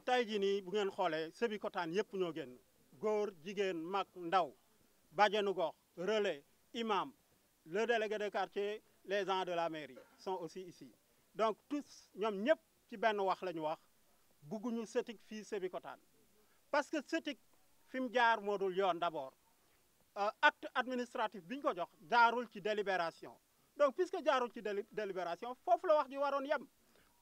tey jii nii bu ngeen sebi Sébikotane yëpp ñoo genn goor mak ndaw gox relais imam le délégué de quartier les gens de la mairie sont aussi ici donc tous ñom ñëpp ci ben wax la ñu wax setik fi sebi parce que setik fim jaar modul yoon d'abord euh, acte administratif biñ ko jox jaarul ci délibération donc puisque jaarul ci délibération fofu la wax ji waron yam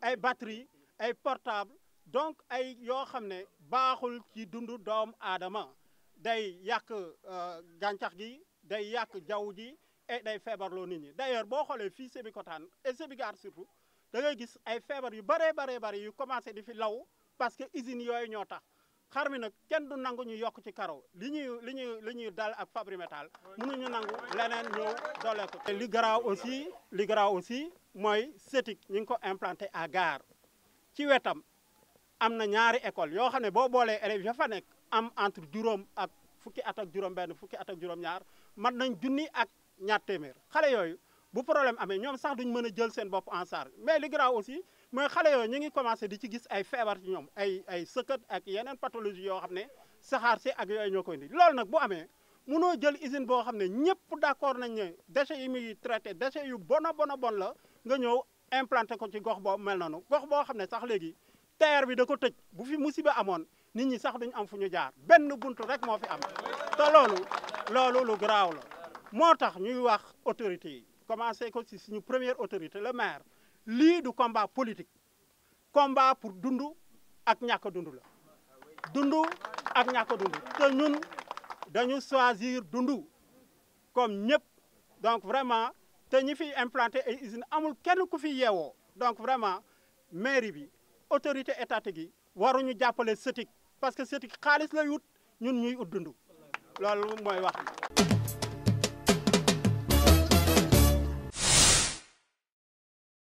ay batterie ay portable donc ay yoo xam ne baaxul ci dundu doomu aadama day yàq euh, gàncax gi day yàq jaww et day feebarloo nit ñi d'ailleurs boo xoolee fii et surtout gis ay feebar yu yu di fi law parce que usine ñoo xar mi nag kenn du nangu ñu yokk ci karaw li ñuy li ñuy li ñuy dal ak Fabrimetal mënuñu nangu leneen ñëw dooleeku li garaaw aussi li garaaw aussi mooy CETIC ñu ngi ko implanté à gar ci wetam am na ñaari école yoo xam ne boo boolee élèves ya fa nekk am entre juróom ak fukki at ak juróom benn fukki at ak juróom ñaar man nañ junni ak ñaar téeméer xale yooyu bu problème amé ñom sax duñ mëna jël seen bop en charge mais li graw aussi moy xalé yo ñi ngi commencé di ci gis ay fièvre ci ñom ay ay sëkkat ak yenen pathologie yo xamné saxar ci ak yoy ñokoy ni lool nak bu amé mëno jël usine bo xamné ñepp d'accord nañ ne déchets yi traité déchets yu bon a bon la nga ñew implanté ko ci gox bo mel noonu gox bo xamné sax légui terre bi da ko tejj bu fi musibe amone nit ñi sax duñ am fuñu jaar benn buntu rek moo fi am te loolu loolu lu graw la moo tax ñuy wax autorité yi commencer comme ci une première autorité le maire Lui, du combat politique combat pour Dundu ak ñàkk Dundu. dund la dund ak nous, a choisir Dundu comme ñëpp donc vraiment te ñi fiy implanté une usine. amul kenn ku donc vraiment mairie autorité étatique yi waruñu ce sëtik parce que sëtik xaalis lay wut ñun ñuy ut wax